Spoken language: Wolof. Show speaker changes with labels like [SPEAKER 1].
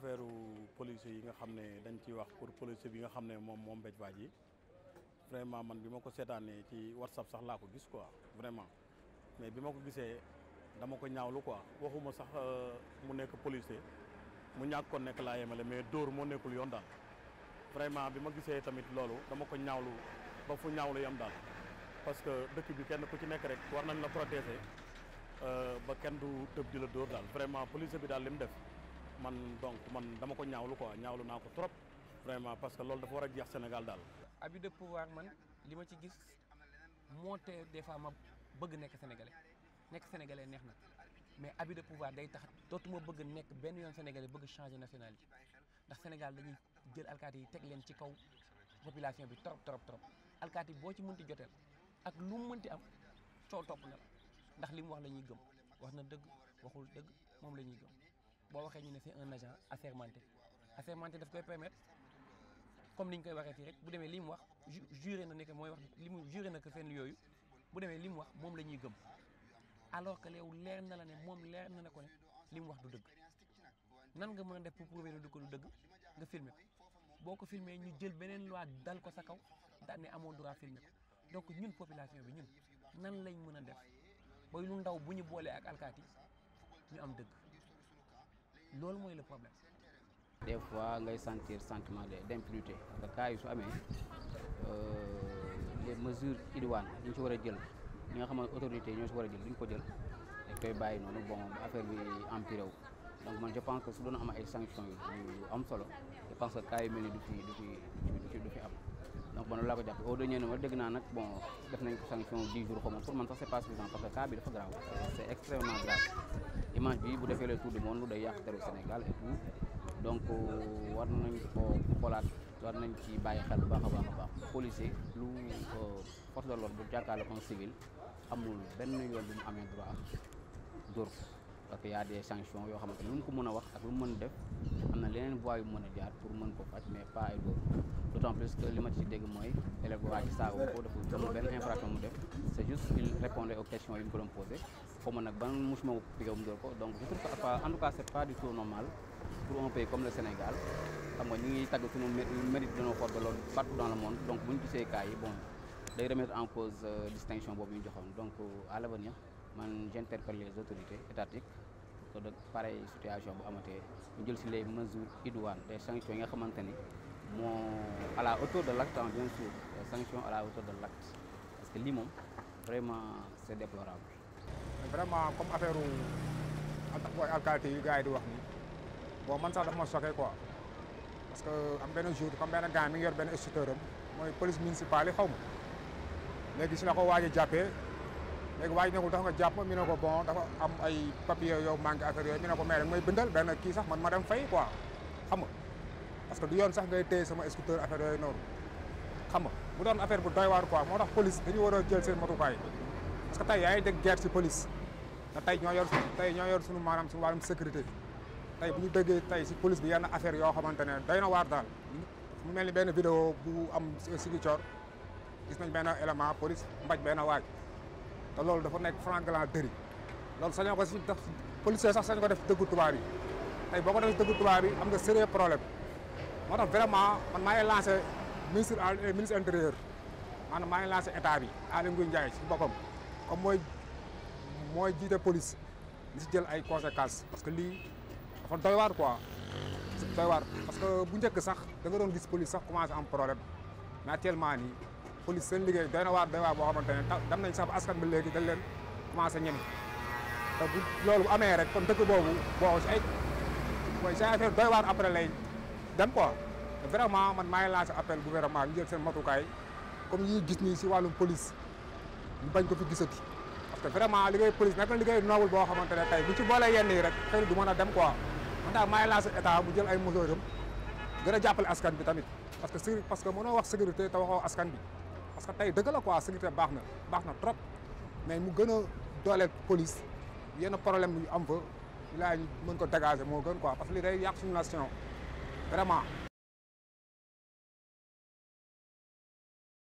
[SPEAKER 1] affaire policier yi nga xam ne dañ ciy wax pour policier bi nga xam ne moom moom mbéj waa ji vraiment man bi ma ko seetaanee ci whatsapp sax laa ko gis quoi vraiment mais bi ma ko gisee dama ko ñaawlu quoi waxuma sax euh, mu nekk policier mu ñàkk ko nekk laa yemale mais dóor moo nekkul yoon daal vraiment bi ma gisee tamit loolu dama ko ñaawlu ba fu ñaawlu yam daal parce que dëkk bi kenn ku ci nekk rek war nañ la protéger euh, ba kenn du tëb di la dóor daal vraiment policier bi daal li mu def man donc man dama ko ñaawlu quoi ñaawlu naa ko trop vraiment parce que loolu dafa war a jeex Sénégal daal.
[SPEAKER 2] abus de pouvoir man li ma ci gis moo te des fois ma bëgg nekk sénégalais nekk sénégalais neex na mais abus de pouvoir day tax dootuma bëgg nekk benn yoon sénégalais bëgg changer nationalité ndax Sénégal dañuy jël alkaati yi teg leen ci kaw population bi trop trop trop alkaati boo ci mënti joteel ak lu mu mënti am coow topp na la ndax li mu wax la ñuy gëm wax na dëgg waxul dëgg moom la ñuy gëm. boo waxee ñu ne c'est un agent assermenté assermenté daf koy permettre comme ni ñu koy waxee fii rek bu demee li mu wax juré na ne que mooy wax li mu juré na que fenn yooyu bu demee li mu wax moom la ñuy gëm alors que yow leer na la ne moom leer na ne ko ne li mu wax du dëgg nan nga mën a def pour prouver du ko du dëgg nga filmer ko boo ko filmer ñu jël beneen loi dal ko sa kaw daal ne amoo droit filmer ko donc ñun population bi ñun nan lañ mën a def booy lu ndaw bu ñu boolee ak alkaati ñu am dëgg le problème.
[SPEAKER 3] des fois ngay sentir sentiment d'impunité parce cas yi euh, les mesures idoines yi ci a autorités ñoo ci war a jël bon affaire donc je pense que su doon am ay sanctions am je pense que cas yu du fi donc bon, ko au dernier moment bon def nañ ko sanction 10 jours xaw pour man c'est pas suffisant parce que cas bi grave c'est extrêmement grave. image bi bu defee le tour du monde day yàq teru Sénégal et tout donc euh, war nañ ko xoolaat war nañ ci bàyyi xel bu baax a baax a baax policier lu euh, force de l'ordre bu jàkkaarloo un civil amul benn yoon bu mu amee droit dóor parce qu'il y a des sanctions yoo xamante lu ko mëna wax ak lu mëna a def amna leneen voies yu mëna jaar pour mëna ko faj mais pas ay boobu d'autant plus que li ma ci dégg mooy élève waa ci saaga ko dafa amul benn infraction mu def c' est juste il répondait aux questions yi ñu ko doon posé xaw ma nag ban musuma ko piqué mu ko donc je trouve pas en tout cas c' est pas du tout normal pour un pays comme le Sénégal xam nga ñu ngi tagg suñu mérite dañoo xool ba loolu partout dans le monde donc bu ñu gisee cas yi bon day remettre en cause euh, distinction boobu ñu joxoon donc euh, à l' avenir man j'interpelle les autorités étatiques pour que de pareille situation bu amatee ñu jël si les mesures idoines des sanctions yi nga xamante ni moo à la hauteur de l'acte bien sûr des sanctions à la hauteur de l'acte parce que lii moom vraiment c'est déplorable.
[SPEAKER 4] vraiment comme affaire ak alkaati yu gars di wax ni boo man sax dafa ma choqué quoi parce que am benn jour comme benn gars mi ngi yor benn mooy police municipale yi xaw ma si la ko waaj a léegi waaj nagul tax nga jàpp mi ne ko bon dafa am ay papier yow manqué affaire yooyu mi ne ko mais rek may benn kii sax man ma dem fay quoi xam nga parce que du sax ngay téye sama scooter affaire yooyu noonu xam nga mu doon affaire bu doy waar quoi moo tax police dañu war a jël seen matukaay parce que tey yaa ngi dégg guerre ci police tey ñoo yor tey ñoo yor suñu maanaam suñu wàllum sécurité tey bu ñu dëggee tey si police bi yenn affaire yoo xamante ne doy na waar daal mu mel ni benn vidéo bu am si Ziguinchor gis nañ benn élément police mbaj benn waaj te loolu dafa nekk franc-galaterie loolu sañoo ko si def policier sax sañ ko def dëggu tubaab yi tey boo ko def dëggu tubaab am nga sérieux problème moo tax vraiment maa ngi lancé ministre eh, ministre intérieur maanaam maa ngi lancé état bi Aly Ngouille Ndiaye si boppam comme mooy mooy jiite police li si jël ay conséquences parce que lii dafa doy waar quoi doy waar parce que bu njëkk sax da nga doon gis police sax commencé am problème mais actuellement nii police seen liggéey doy na waar doy waar boo xamante ne dem nañ sax ba askan léegi dañ leen commencé ñeme te bu loolu amee rek kon dëkk boobu boo si ay mooy sa affaire doy waar après lay dem quoi vraiment man maa ngi lancé appel gouvernement ñu jël seen matukaay comme yi gis nii si wàllum police ñu bañ ko fi gisati parce que vraiment liggéey police nag liggéey noowul boo xamante ne tey bu ci boolee yenn yi rek xëy du mën a dem quoi man daal maa ngi lancé état bu gën a jàppale askan bi tamit parce que parce que mënoo wax sécurité te waxoo bi sa tey dëgg la quoi sécurité baax na baax na trop mais mu gën a dooleel police yenn problème yu am fa laa mën ko dégager moo gën quoi parce que day yàq
[SPEAKER 1] suñu vraiment.